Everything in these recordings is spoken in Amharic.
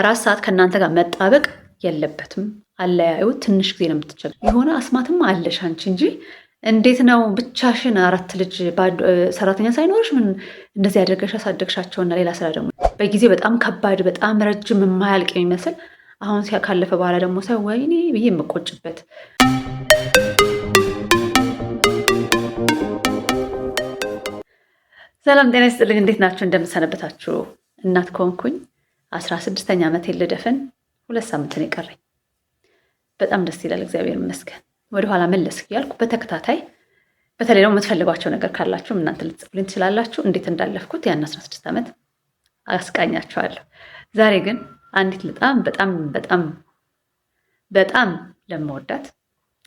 አራት ሰዓት ከእናንተ ጋር መጣበቅ የለበትም። አለያዩ ትንሽ ጊዜ ነው የምትችል የሆነ አስማትም አለሽ አንቺ እንጂ እንዴት ነው ብቻሽን አራት ልጅ ሰራተኛ ሳይኖርሽ ምን እንደዚህ ያደርገሽ ያሳደግሻቸውና ሌላ ስራ ደግሞ በጊዜ በጣም ከባድ በጣም ረጅም የማያልቅ የሚመስል አሁን ካለፈ በኋላ ደግሞ ሳይ ወይኔ ብዬ የምቆጭበት ሰላም ጤና ይስጥልኝ እንዴት ናችሁ እንደምሰነበታችሁ እናት ከሆንኩኝ አስራ ስድስተኛ ዓመቴን ልደፍን ሁለት ሳምንትን የቀረኝ በጣም ደስ ይላል። እግዚአብሔር ይመስገን። ወደኋላ መለስ እያልኩ በተከታታይ በተለይ ደግሞ የምትፈልጓቸው ነገር ካላችሁ እናንተ ልትጽፉልኝ ትችላላችሁ። እንዴት እንዳለፍኩት ያን 16 ዓመት አስቃኛችኋለሁ። ዛሬ ግን አንዲት ልጣም በጣም በጣም በጣም ለመወዳት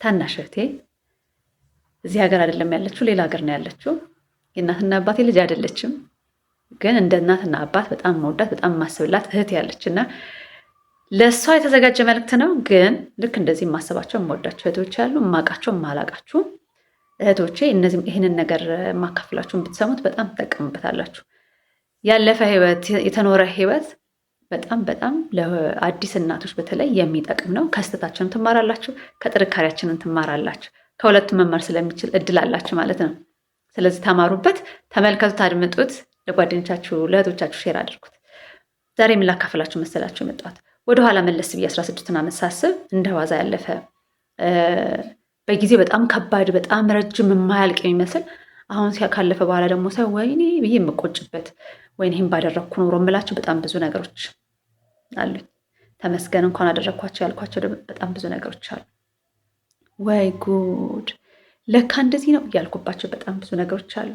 ታናሽ እህቴ እዚህ ሀገር አይደለም ያለችው፣ ሌላ ሀገር ነው ያለችው። የእናትና አባቴ ልጅ አይደለችም። ግን እንደ እናትና አባት በጣም መወዳት በጣም ማስብላት እህት ያለች እና ለእሷ የተዘጋጀ መልእክት ነው። ግን ልክ እንደዚህ ማሰባቸው የምወዳቸው እህቶች ያሉ ማቃቸው ማላቃችሁ እህቶቼ እነዚህ ይህንን ነገር የማካፍላችሁ ብትሰሙት በጣም ትጠቀሙበታላችሁ። ያለፈ ህይወት የተኖረ ህይወት በጣም በጣም ለአዲስ እናቶች በተለይ የሚጠቅም ነው። ከስተታችንም ትማራላችሁ፣ ከጥንካሬያችንም ትማራላችሁ። ከሁለቱም መማር ስለሚችል እድል አላችሁ ማለት ነው። ስለዚህ ተማሩበት፣ ተመልከቱት፣ አድምጡት። ለጓደኞቻችሁ ለእህቶቻችሁ ሼር አድርጉት። ዛሬ ምን መሰላችሁ የመጣሁት ወደኋላ መለስ ብዬ አስራ ስድስቱን ዓመት ሳስብ እንደ ዋዛ ያለፈ በጊዜ በጣም ከባድ በጣም ረጅም የማያልቅ የሚመስል አሁን ካለፈ በኋላ ደግሞ ሳይ ወይኔ ብዬ የምቆጭበት ወይን ይህም ባደረግኩ ኖሮ የምላቸው በጣም ብዙ ነገሮች አሉኝ። ተመስገን እንኳን አደረግኳቸው ያልኳቸው በጣም ብዙ ነገሮች አሉ። ወይ ጉድ ለካ እንደዚህ ነው እያልኩባቸው በጣም ብዙ ነገሮች አሉ።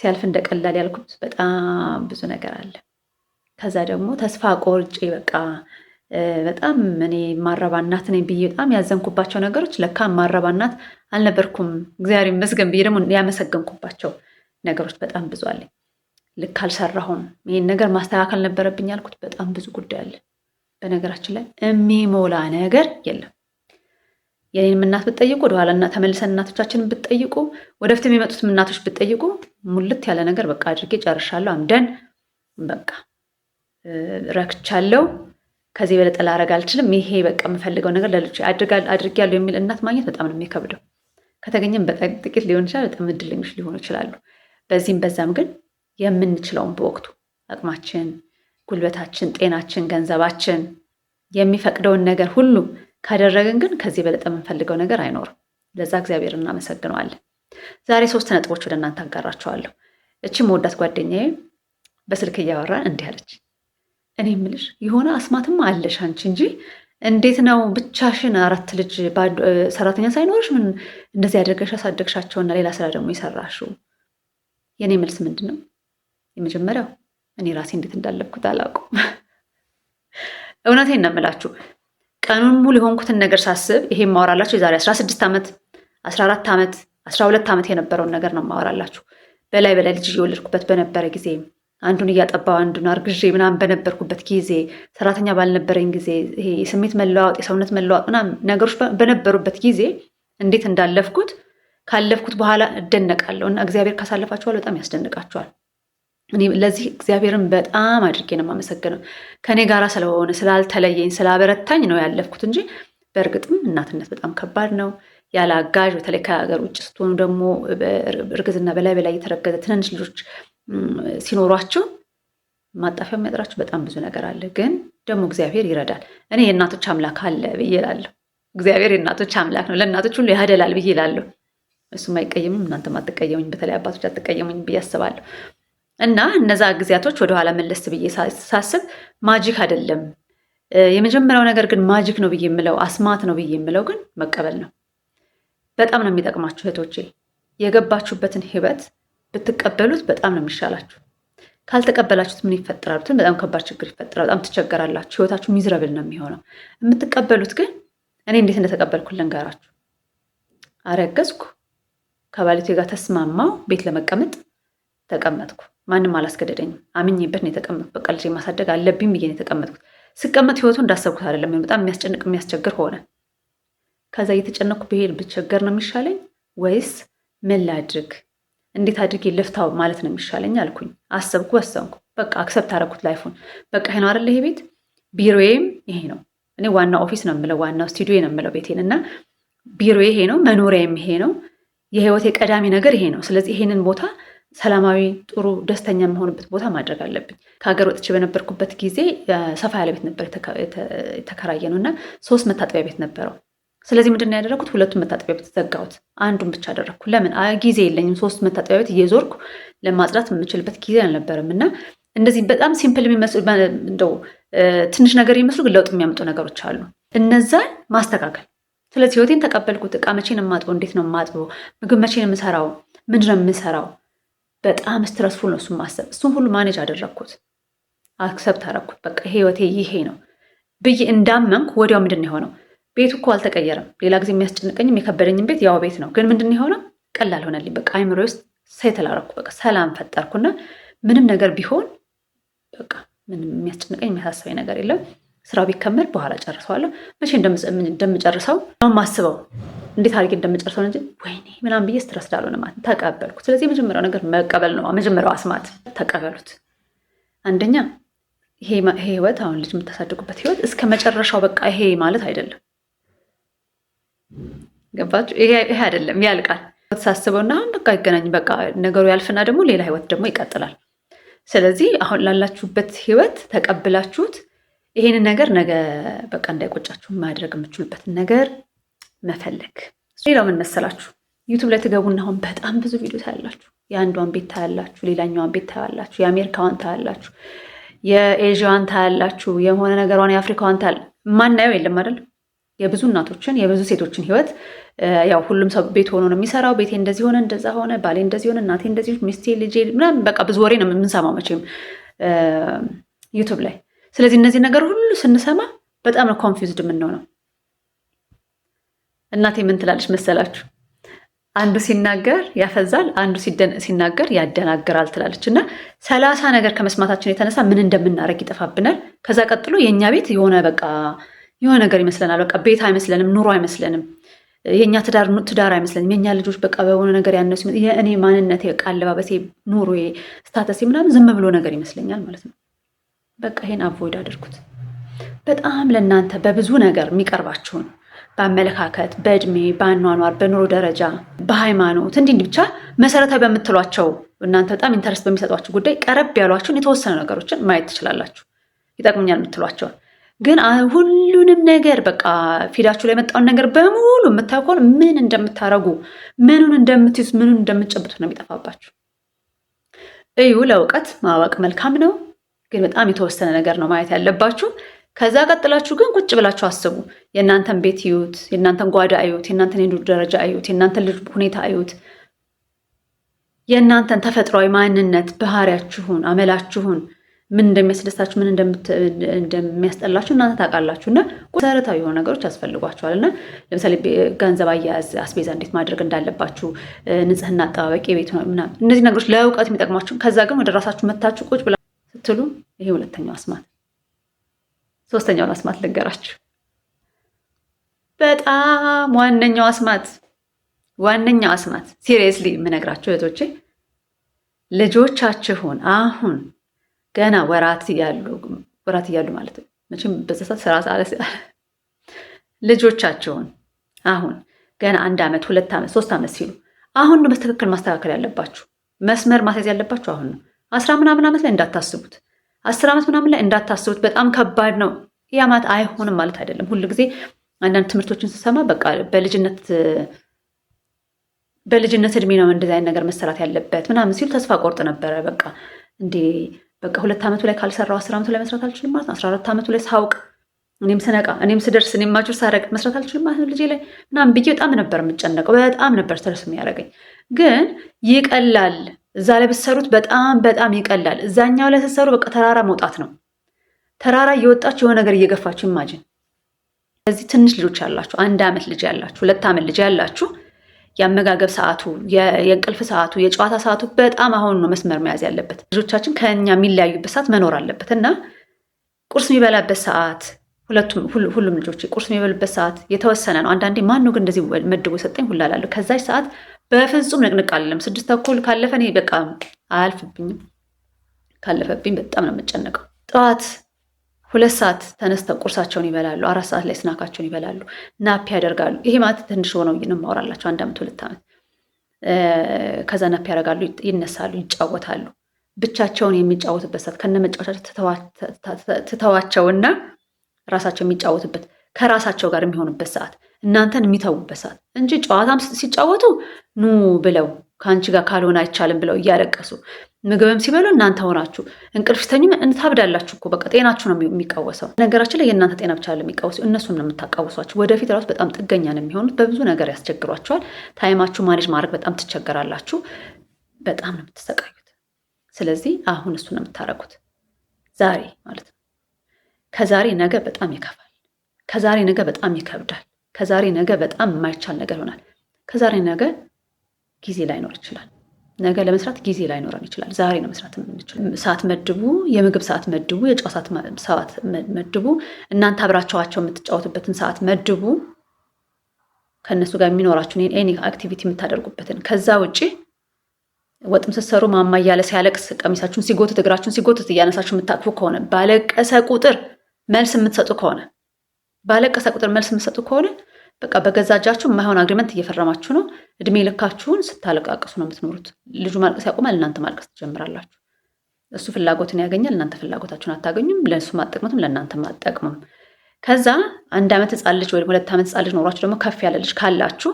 ሲያልፍ እንደ ቀላል ያልኩት በጣም ብዙ ነገር አለ። ከዛ ደግሞ ተስፋ ቆርጬ በቃ በጣም እኔ ማረባ እናት ነኝ ብዬ በጣም ያዘንኩባቸው ነገሮች ለካ ማረባ እናት አልነበርኩም፣ እግዚአብሔር ይመስገን ብዬ ደግሞ ያመሰገንኩባቸው ነገሮች በጣም ብዙ አለ። ልክ አልሰራሁም፣ ይህን ነገር ማስተካከል ነበረብኝ ያልኩት በጣም ብዙ ጉዳይ አለ። በነገራችን ላይ የሚሞላ ነገር የለም። የኔንም እናት ብጠይቁ ወደኋላ ተመልሰን እናቶቻችን ብጠይቁ ወደፊት የሚመጡት እናቶች ብጠይቁ ሙልት ያለ ነገር በቃ አድርጌ ጨርሻለሁ። አምደን በቃ ረክቻለሁ። ከዚህ በለጠ ላረግ አልችልም። ይሄ በቃ የምፈልገው ነገር ለልጅ አድርጌያለሁ የሚል እናት ማግኘት በጣም ነው የሚከብደው። ከተገኘም በጣም ጥቂት ሊሆን ይችላል። በጣም እድለኞች ሊሆኑ ይችላሉ። በዚህም በዛም ግን የምንችለውን በወቅቱ አቅማችን፣ ጉልበታችን፣ ጤናችን፣ ገንዘባችን የሚፈቅደውን ነገር ሁሉ ካደረግን ግን ከዚህ የበለጠ የምንፈልገው ነገር አይኖርም። ለዛ እግዚአብሔር እናመሰግነዋለን። ዛሬ ሶስት ነጥቦች ወደ እናንተ አጋራቸዋለሁ። እቺ መወዳት ጓደኛዬ በስልክ እያወራን እንዲህ አለች፣ እኔ የምልሽ የሆነ አስማትም አለሽ አንቺ እንጂ እንዴት ነው ብቻሽን አራት ልጅ ሰራተኛ ሳይኖርሽ ምን እንደዚህ ያደርገሽ ያሳደግሻቸውና ሌላ ስራ ደግሞ የሰራሽው? የእኔ መልስ ምንድን ነው? የመጀመሪያው እኔ ራሴ እንዴት እንዳለብኩት አላውቅም። እውነቴን ነው የምላችሁ ቀኑን ሙሉ የሆንኩትን ነገር ሳስብ ይሄ የማወራላችሁ የዛሬ 16 ዓመት 14 ዓመት 12 ዓመት የነበረውን ነገር ነው የማወራላችሁ። በላይ በላይ ልጅ እየወለድኩበት በነበረ ጊዜ አንዱን እያጠባው አንዱን አርግዤ ምናምን በነበርኩበት ጊዜ ሰራተኛ ባልነበረኝ ጊዜ ይሄ የስሜት መለዋወጥ የሰውነት መለዋወጥ ምናምን ነገሮች በነበሩበት ጊዜ እንዴት እንዳለፍኩት ካለፍኩት በኋላ እደነቃለሁ እና እግዚአብሔር ካሳለፋችኋል በጣም ያስደንቃችኋል። እኔ ለዚህ እግዚአብሔርን በጣም አድርጌ ነው የማመሰግነው። ከእኔ ጋር ስለሆነ ስላልተለየኝ፣ ስላበረታኝ ነው ያለፍኩት እንጂ በእርግጥም እናትነት በጣም ከባድ ነው። ያለ አጋዥ በተለይ ከሀገር ውጭ ስትሆኑ ደግሞ እርግዝና በላይ በላይ የተረገዘ ትንንሽ ልጆች ሲኖሯችሁ ማጣፊያ የሚያጥራችሁ በጣም ብዙ ነገር አለ። ግን ደግሞ እግዚአብሔር ይረዳል። እኔ የእናቶች አምላክ አለ ብዬ እላለሁ። እግዚአብሔር የእናቶች አምላክ ነው፣ ለእናቶች ሁሉ ያደላል ብዬ እላለሁ። እሱም አይቀየምም፣ እናንተም አትቀየሙኝ፣ በተለይ አባቶች አትቀየሙኝ ብዬ አስባለሁ። እና እነዛ ጊዜያቶች ወደኋላ መለስ ብዬ ሳስብ ማጂክ አይደለም። የመጀመሪያው ነገር ግን ማጂክ ነው ብዬ የምለው አስማት ነው ብዬ የምለው ግን መቀበል ነው። በጣም ነው የሚጠቅማችሁ እህቶቼ፣ የገባችሁበትን ህይወት ብትቀበሉት በጣም ነው የሚሻላችሁ። ካልተቀበላችሁት ምን ይፈጠራል? በጣም ከባድ ችግር ይፈጠራል። በጣም ትቸገራላችሁ። ህይወታችሁ ሚዝረብል ነው የሚሆነው። የምትቀበሉት ግን እኔ እንዴት እንደተቀበልኩ ልንገራችሁ። አረገዝኩ፣ ከባለቴ ጋር ተስማማው ቤት ለመቀመጥ ተቀመጥኩ። ማንም አላስገደደኝም። አምኜበት ነው የተቀመጥኩት። በቃ ልጄ ማሳደግ አለብኝ ብዬ ነው የተቀመጥኩት። ስቀመጥ ህይወቱ እንዳሰብኩት አይደለም። በጣም የሚያስጨንቅ የሚያስቸግር ሆነ። ከዛ እየተጨነቅኩ ብሄድ ብቸገር ነው የሚሻለኝ ወይስ ምን ላድርግ፣ እንዴት አድርጌ ልፍታው ማለት ነው የሚሻለኝ አልኩኝ። አሰብኩ፣ ወሰንኩ። በቃ አክሰብት አደረኩት ላይፉን። በቃ ይሄ ነው አይደለ ይሄ ቤት ቢሮዬም ይሄ ነው። እኔ ዋና ኦፊስ ነው የምለው፣ ዋናው ስቱዲዮ ነው የምለው ቤቴን እና ቢሮ ይሄ ነው፣ መኖሪያም ይሄ ነው፣ የህይወቴ ቀዳሚ ነገር ይሄ ነው። ስለዚህ ይሄንን ቦታ ሰላማዊ፣ ጥሩ፣ ደስተኛ የምሆንበት ቦታ ማድረግ አለብኝ። ከሀገር ወጥቼ በነበርኩበት ጊዜ ሰፋ ያለ ቤት ነበር የተከራየ ነው እና ሶስት መታጠቢያ ቤት ነበረው። ስለዚህ ምንድን ነው ያደረኩት? ሁለቱን መታጠቢያ ቤት ዘጋሁት፣ አንዱን ብቻ አደረግኩ። ለምን ጊዜ የለኝም፣ ሶስት መታጠቢያ ቤት እየዞርኩ ለማጽዳት የምችልበት ጊዜ አልነበረም እና እነዚህ በጣም ሲምፕል የሚመስሉ እንደው ትንሽ ነገር የሚመስሉ ግን ለውጥ የሚያመጡ ነገሮች አሉ። እነዛ ማስተካከል። ስለዚህ ህይወቴን ተቀበልኩት። እቃ መቼን የማጥበው፣ እንዴት ነው የማጥበው፣ ምግብ መቼን የምሰራው፣ ምንድን ነው የምሰራው በጣም ስትረስፉል ነው እሱን ማሰብ። እሱን ሁሉ ማኔጅ አደረግኩት፣ አክሰብት አደረግኩት። በቃ ህይወቴ ይሄ ነው ብዬ እንዳመንኩ ወዲያው ምንድን የሆነው ቤቱ እኮ አልተቀየረም። ሌላ ጊዜ የሚያስጨንቀኝም የከበደኝም ቤት ያው ቤት ነው። ግን ምንድን የሆነው ቀላል ሆነልኝ። በቃ አይምሮ ውስጥ ሴትል አደረኩ። በቃ ሰላም ፈጠርኩና ምንም ነገር ቢሆን በቃ ምንም የሚያስጨንቀኝ የሚያሳስበኝ ነገር የለም። ስራው ቢከመር በኋላ ጨርሰዋለሁ። መቼ እንደምጨርሰው ነው የማስበው። እንዴት አድርጌ እንደምጨርሰው እንጂ ወይኔ ምናም ብዬ ስትረስ ዳልሆነ ማለት ተቀበልኩ። ስለዚህ የመጀመሪያው ነገር መቀበል ነው። መጀመሪያው አስማት ተቀበሉት። አንደኛ ይሄ ህይወት አሁን ልጅ የምታሳድጉበት ህይወት እስከ መጨረሻው በቃ ይሄ ማለት አይደለም። ገባችሁ? ይሄ አይደለም፣ ያልቃል። ሳስበው እና በቃ ይገናኝ በቃ ነገሩ ያልፍና ደግሞ ሌላ ህይወት ደግሞ ይቀጥላል። ስለዚህ አሁን ላላችሁበት ህይወት ተቀብላችሁት ይሄንን ነገር ነገ በቃ እንዳይቆጫችሁ ማድረግ የምችሉበትን ነገር መፈለግ። ሌላው ምን መሰላችሁ? ዩቱብ ላይ ትገቡና አሁን በጣም ብዙ ቪዲዮ ታያላችሁ። የአንዷን ቤት ታያላችሁ፣ ሌላኛዋን ቤት ታያላችሁ፣ የአሜሪካዋን ታያላችሁ፣ የኤዥዋን ታያላችሁ፣ የሆነ ነገሯን የአፍሪካዋን ታያል። ማናየው የለም አይደል? የብዙ እናቶችን የብዙ ሴቶችን ህይወት ያው ሁሉም ሰው ቤት ሆኖ ነው የሚሰራው። ቤቴ እንደዚህ ሆነ፣ እንደዛ ሆነ፣ ባሌ እንደዚህ ሆነ፣ እናቴ እንደዚህ፣ ሆነ፣ ሚስቴ፣ ልጄ ምናምን በቃ ብዙ ወሬ ነው የምንሰማው መቼም ዩቱብ ላይ። ስለዚህ እነዚህ ነገር ሁሉ ስንሰማ በጣም ነው ኮንፊውዝድ የምንሆነው። እናቴ ምን ትላለች መሰላችሁ? አንዱ ሲናገር ያፈዛል፣ አንዱ ሲናገር ያደናግራል ትላለች። እና ሰላሳ ነገር ከመስማታችን የተነሳ ምን እንደምናደርግ ይጠፋብናል። ከዛ ቀጥሎ የእኛ ቤት የሆነ በቃ የሆነ ነገር ይመስለናል። በቃ ቤት አይመስለንም፣ ኑሮ አይመስለንም፣ የእኛ ትዳር አይመስለንም። የእኛ ልጆች በቃ በሆነ ነገር ያነሱ የእኔ ማንነቴ፣ በቃ አለባበሴ፣ ኑሮዬ፣ ስታተሴ ምናምን ዝም ብሎ ነገር ይመስለኛል ማለት ነው። በቃ ይሄን አቮይድ አድርጉት። በጣም ለእናንተ በብዙ ነገር የሚቀርባችሁን በአመለካከት፣ በእድሜ፣ በአኗኗር፣ በኑሮ ደረጃ፣ በሃይማኖት እንዲህ እንዲህ ብቻ መሰረታዊ በምትሏቸው እናንተ በጣም ኢንተረስት በሚሰጧቸው ጉዳይ ቀረብ ያሏቸውን የተወሰነ ነገሮችን ማየት ትችላላችሁ። ይጠቅሙኛል የምትሏቸውን ግን ሁሉንም ነገር በቃ ፊዳችሁ ላይ የመጣውን ነገር በሙሉ የምታዩ ምን እንደምታረጉ ምኑን እንደምትይዙት ምኑን እንደምትጨብጡ ነው የሚጠፋባችሁ። እዩ ለእውቀት ማወቅ መልካም ነው፣ ግን በጣም የተወሰነ ነገር ነው ማየት ያለባችሁ። ከዛ ቀጥላችሁ ግን ቁጭ ብላችሁ አስቡ። የእናንተን ቤት እዩት፣ የእናንተን ጓዳ እዩት፣ የእናንተን የኑሮ ደረጃ እዩት፣ የእናንተን ልጅ ሁኔታ እዩት፣ የእናንተን ተፈጥሯዊ ማንነት፣ ባህሪያችሁን፣ አመላችሁን፣ ምን እንደሚያስደስታችሁ፣ ምን እንደሚያስጠላችሁ እናንተ ታውቃላችሁ። እና መሰረታዊ የሆኑ ነገሮች ያስፈልጓቸዋል። እና ለምሳሌ ገንዘብ አያያዝ፣ አስቤዛ እንዴት ማድረግ እንዳለባችሁ፣ ንጽህና አጠባበቂ፣ የቤት እነዚህ ነገሮች ለእውቀት የሚጠቅሟችሁ ከዛ ግን ወደ ራሳችሁ መታችሁ ቁጭ ብላ ስትሉ ይሄ ሁለተኛው አስማት ሶስተኛውን አስማት ልንገራችሁ። በጣም ዋነኛው አስማት ዋነኛው አስማት ሲሪየስሊ የምነግራችሁ እህቶቼ ልጆቻችሁን አሁን ገና ወራት እያሉ ወራት እያሉ ማለት መቼም በዛሳት ስራ ልጆቻችሁን አሁን ገና አንድ ዓመት ሁለት ዓመት ሶስት ዓመት ሲሉ አሁን ነው በትክክል ማስተካከል ያለባችሁ። መስመር ማስያዝ ያለባችሁ አሁን ነው። አስራ ምናምን ዓመት ላይ እንዳታስቡት። አስር ዓመት ምናምን ላይ እንዳታስቡት፣ በጣም ከባድ ነው። ያማት አይሆንም ማለት አይደለም። ሁሉ ጊዜ አንዳንድ ትምህርቶችን ስሰማ በቃ በልጅነት በልጅነት እድሜ ነው እንደዚህ አይነት ነገር መሰራት ያለበት ምናምን ሲሉ ተስፋ ቆርጥ ነበረ። በቃ እንዴ በቃ ሁለት ዓመቱ ላይ ካልሰራው አስር ዓመቱ ላይ መስራት አልችልም ማለት ነው። አስራ አራት ዓመቱ ላይ ሳውቅ እኔም ስነቃ እኔም ስደርስ እኔም ማጆር ሳረግ መስራት አልችልም ማለት ነው ልጄ ላይ ምናምን ብዬ በጣም ነበር የምጨነቀው። በጣም ነበር ስትረስ የሚያደርገኝ። ግን ይቀላል እዛ ላይ ብትሰሩት በጣም በጣም ይቀላል። እዛኛው ላይ ስትሰሩ በቃ ተራራ መውጣት ነው። ተራራ እየወጣች የሆነ ነገር እየገፋችሁ ይማጅን። ስለዚህ ትንሽ ልጆች ያላችሁ፣ አንድ ዓመት ልጅ ያላችሁ፣ ሁለት ዓመት ልጅ ያላችሁ የአመጋገብ ሰዓቱ፣ የእንቅልፍ ሰዓቱ፣ የጨዋታ ሰዓቱ በጣም አሁን ነው መስመር መያዝ ያለበት። ልጆቻችን ከኛ የሚለያዩበት ሰዓት መኖር አለበት እና ቁርስ የሚበላበት ሰዓት ሁሉም ልጆች ቁርስ የሚበሉበት ሰዓት የተወሰነ ነው። አንዳንዴ ማን ነው ግን እንደዚህ መድቦ ሰጠኝ ሁላላለሁ። ከዛች ሰዓት በፍጹም ንቅንቅ አለም። ስድስት ተኩል ካለፈ እኔ በቃ አያልፍብኝም። ካለፈብኝ በጣም ነው የምጨነቀው። ጠዋት ሁለት ሰዓት ተነስተው ቁርሳቸውን ይበላሉ። አራት ሰዓት ላይ ስናካቸውን ይበላሉ፣ ናፕ ያደርጋሉ። ይሄ ማለት ትንሽ ሆነው እንማወራላቸው አንድ አመት ሁለት ዓመት። ከዛ ናፕ ያደርጋሉ፣ ይነሳሉ፣ ይጫወታሉ። ብቻቸውን የሚጫወቱበት ሰዓት ከነ መጫወቻቸው ትተዋቸውና ራሳቸው የሚጫወቱበት ከራሳቸው ጋር የሚሆኑበት ሰዓት፣ እናንተን የሚተዉበት ሰዓት እንጂ ጨዋታም ሲጫወቱ ኑ ብለው ከአንቺ ጋር ካልሆነ አይቻልም ብለው እያለቀሱ ምግብም ሲበሉ እናንተ ሆናችሁ እንቅልፍ ሲተኙም እንታብዳላችሁ እኮ በቃ ጤናችሁ ነው የሚቃወሰው። ነገራችን ላይ የእናንተ ጤና ብቻ የሚቃወሰው እነሱን ነው የምታቃውሷቸው። ወደፊት ራሱ በጣም ጥገኛ ነው የሚሆኑት። በብዙ ነገር ያስቸግሯቸዋል። ታይማችሁ ማኔጅ ማድረግ በጣም ትቸገራላችሁ። በጣም ነው የምትሰቃዩት። ስለዚህ አሁን እሱ ነው የምታረጉት ዛሬ ማለት ነው። ከዛሬ ነገ በጣም ይከፋል። ከዛሬ ነገ በጣም ይከብዳል። ከዛሬ ነገ በጣም የማይቻል ነገር ይሆናል። ከዛሬ ነገ ጊዜ ላይኖር ይችላል። ነገ ለመስራት ጊዜ ላይኖረን ይችላል። ዛሬ ነው መስራት ሰዓት መድቡ፣ የምግብ ሰዓት መድቡ፣ የጨው ሰዓት መድቡ፣ እናንተ አብራቸዋቸው የምትጫወቱበትን ሰዓት መድቡ፣ ከእነሱ ጋር የሚኖራችሁን ኤኒ አክቲቪቲ የምታደርጉበትን። ከዛ ውጭ ወጥም ስትሰሩ ማማ እያለ ሲያለቅስ ቀሚሳችሁን ሲጎትት እግራችሁን ሲጎትት እያነሳችሁ የምታቅፉ ከሆነ ባለቀሰ ቁጥር መልስ የምትሰጡ ከሆነ ባለቀሰ ቁጥር መልስ የምትሰጡ ከሆነ በቃ በገዛ እጃችሁ ማይሆን አግሪመንት እየፈረማችሁ ነው። እድሜ ልካችሁን ስታለቃቅሱ ነው የምትኖሩት። ልጁ ማልቀስ ያቆማል፣ እናንተ ማልቀስ ትጀምራላችሁ። እሱ ፍላጎትን ያገኛል፣ እናንተ ፍላጎታችሁን አታገኙም። ለእሱ አትጠቅሙትም፣ ለእናንተ ማጠቅሙም። ከዛ አንድ ዓመት ህፃን ልጅ ወይም ሁለት ዓመት ህፃን ልጅ ኖሯችሁ ደግሞ ከፍ ያለ ልጅ ካላችሁ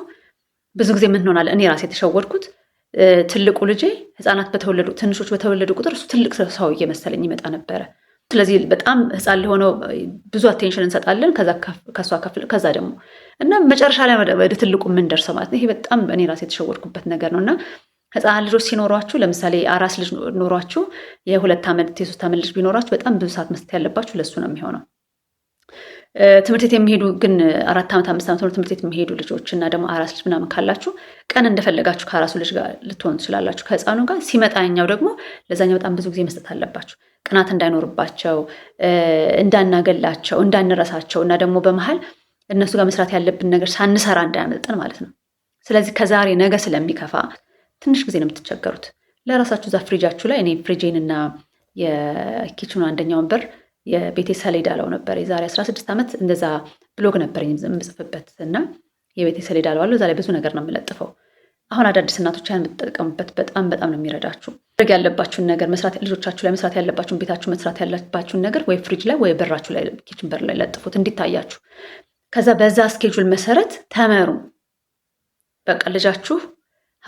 ብዙ ጊዜ ምን ሆናል? እኔ ራሴ የተሸወድኩት ትልቁ ልጄ ህፃናት በተወለዱ ትንሾች በተወለዱ ቁጥር እሱ ትልቅ ሰው እየመሰለኝ ይመጣ ነበረ። ስለዚህ በጣም ህፃን ለሆነው ብዙ አቴንሽን እንሰጣለን፣ ከሷ ከፍል ከዛ ደግሞ እና መጨረሻ ላይ ወደ ትልቁ የምንደርሰው ማለት ነው። ይሄ በጣም እኔ ራሴ የተሸወድኩበት ነገር ነው እና ህፃን ልጆች ሲኖሯችሁ ለምሳሌ አራስ ልጅ ኖሯችሁ የሁለት ዓመት የሶስት ዓመት ልጅ ቢኖራችሁ በጣም ብዙ ሰዓት መስጠት ያለባችሁ ለሱ ነው የሚሆነው። ትምህርት ቤት የሚሄዱ ግን አራት ዓመት አምስት ዓመት ትምህርት ቤት የሚሄዱ ልጆች እና ደግሞ አራስ ልጅ ምናምን ካላችሁ ቀን እንደፈለጋችሁ ከአራሱ ልጅ ጋር ልትሆኑ ትችላላችሁ ከህፃኑ ጋር ሲመጣ ያኛው ደግሞ ለዛኛው በጣም ብዙ ጊዜ መስጠት አለባችሁ። ቅናት እንዳይኖርባቸው፣ እንዳናገላቸው፣ እንዳንረሳቸው እና ደግሞ በመሀል እነሱ ጋር መስራት ያለብን ነገር ሳንሰራ እንዳያመልጠን ማለት ነው። ስለዚህ ከዛሬ ነገ ስለሚከፋ ትንሽ ጊዜ ነው የምትቸገሩት። ለራሳችሁ እዛ ፍሪጃችሁ ላይ እኔ ፍሪጄንና የኪችኑ አንደኛውን በር የቤቴ ሰሌዳ ለው ነበር። የዛሬ 16 ዓመት እንደዛ ብሎግ ነበረኝ የምጽፍበት እና የቤቴ ሰሌዳ ለዋለሁ። እዛ ላይ ብዙ ነገር ነው የምለጥፈው። አሁን አዳዲስ እናቶች ያን የምትጠቀሙበት በጣም በጣም ነው የሚረዳችሁ። ማድረግ ያለባችሁን ነገር ልጆቻችሁ ላይ መስራት ያለባችሁን ቤታችሁ መስራት ያለባችሁን ነገር ወይ ፍሪጅ ላይ ወይ በራችሁ ላይ ኪችን በር ላይ ለጥፉት እንዲታያችሁ። ከዛ በዛ እስኬጁል መሰረት ተመሩ። በቃ ልጃችሁ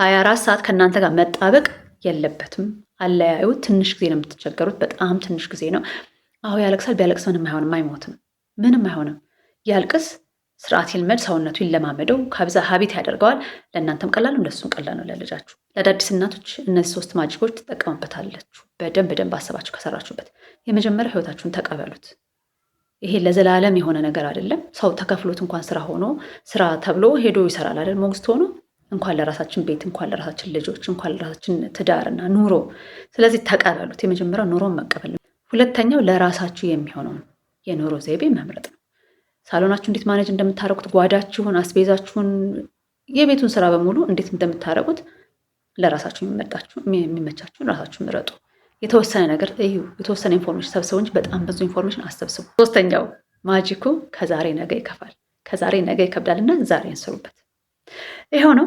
24 ሰዓት ከእናንተ ጋር መጣበቅ የለበትም። አለያዩ። ትንሽ ጊዜ ነው የምትቸገሩት፣ በጣም ትንሽ ጊዜ ነው። አሁ ያለቅሳል። ቢያለቅስ ምንም አይሆንም፣ አይሞትም፣ ምንም አይሆንም። ያልቅስ፣ ስርዓት ይልመድ፣ ሰውነቱ ይለማመደው፣ ከብዛ ሀቢት ያደርገዋል። ለእናንተም ቀላል ነው፣ ለሱም ቀላል ነው፣ ለልጃችሁ። ለአዳዲስ እናቶች እነዚህ ሶስት ማጅጎች ትጠቀሙበታላችሁ። በደንብ በደንብ አሰባችሁ ከሰራችሁበት፣ የመጀመሪያው ህይወታችሁን ተቀበሉት። ይሄ ለዘላለም የሆነ ነገር አይደለም። ሰው ተከፍሎት እንኳን ስራ ሆኖ ስራ ተብሎ ሄዶ ይሰራል አይደል? ሞግዚት ሆኖ እንኳን ለራሳችን ቤት እንኳን ለራሳችን ልጆች እንኳን ለራሳችን ትዳርና ኑሮ። ስለዚህ ተቀበሉት። የመጀመሪያው ኑሮን መቀበል ሁለተኛው ለራሳችሁ የሚሆነውን የኑሮ ዘይቤ መምረጥ ነው። ሳሎናችሁ እንዴት ማኔጅ እንደምታደርጉት፣ ጓዳችሁን፣ አስቤዛችሁን፣ የቤቱን ስራ በሙሉ እንዴት እንደምታደርጉት ለራሳችሁ የሚመቻችሁን ራሳችሁ ምረጡ። የተወሰነ ነገር እዩ፣ የተወሰነ ኢንፎርሜሽን ሰብስቡ እንጂ በጣም ብዙ ኢንፎርሜሽን አሰብስቡ። ሶስተኛው ማጂኩ ከዛሬ ነገ ይከፋል፣ ከዛሬ ነገ ይከብዳል ዛሬ እንስሩበት። ይኸው ነው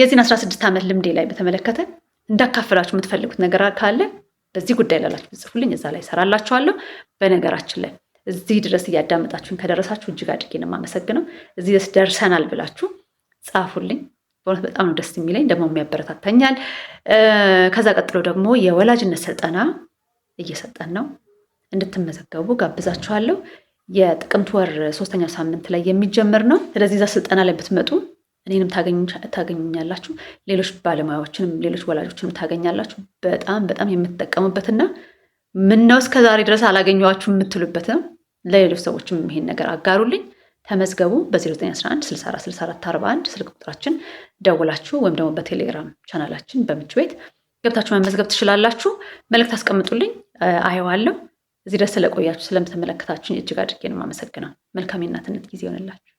የዚህን 16 ዓመት ልምዴ ላይ በተመለከተ እንዳካፍላችሁ የምትፈልጉት ነገር ካለ በዚህ ጉዳይ ላላችሁ ጽፉልኝ፣ እዛ ላይ እሰራላችኋለሁ። በነገራችን ላይ እዚህ ድረስ እያዳመጣችሁን ከደረሳችሁ እጅግ አድርጌ ነው የማመሰግነው። እዚህ ድረስ ደርሰናል ብላችሁ ጻፉልኝ። በእውነት በጣም ነው ደስ የሚለኝ፣ ደግሞ የሚያበረታታኛል። ከዛ ቀጥሎ ደግሞ የወላጅነት ስልጠና እየሰጠን ነው፣ እንድትመዘገቡ ጋብዛችኋለሁ። የጥቅምት ወር ሶስተኛው ሳምንት ላይ የሚጀምር ነው። ስለዚህ እዛ ስልጠና ላይ ብትመጡ እኔንም ታገኙኛላችሁ፣ ሌሎች ባለሙያዎችንም ሌሎች ወላጆችንም ታገኛላችሁ። በጣም በጣም የምትጠቀሙበትና ምነው እስከ ዛሬ ድረስ አላገኘኋችሁ የምትሉበት ነው። ለሌሎች ሰዎችም ይሄን ነገር አጋሩልኝ። ተመዝገቡ በ0911 64 ስልክ ቁጥራችን ደውላችሁ ወይም ደግሞ በቴሌግራም ቻናላችን በምች ቤት ገብታችሁ መመዝገብ ትችላላችሁ። መልእክት አስቀምጡልኝ፣ አየዋለሁ። እዚህ ድረስ ስለቆያችሁ ስለምትመለከታችሁ እጅግ አድርጌ ነው የማመሰግነው። መልካም የእናትነት ጊዜ ይሆንላችሁ።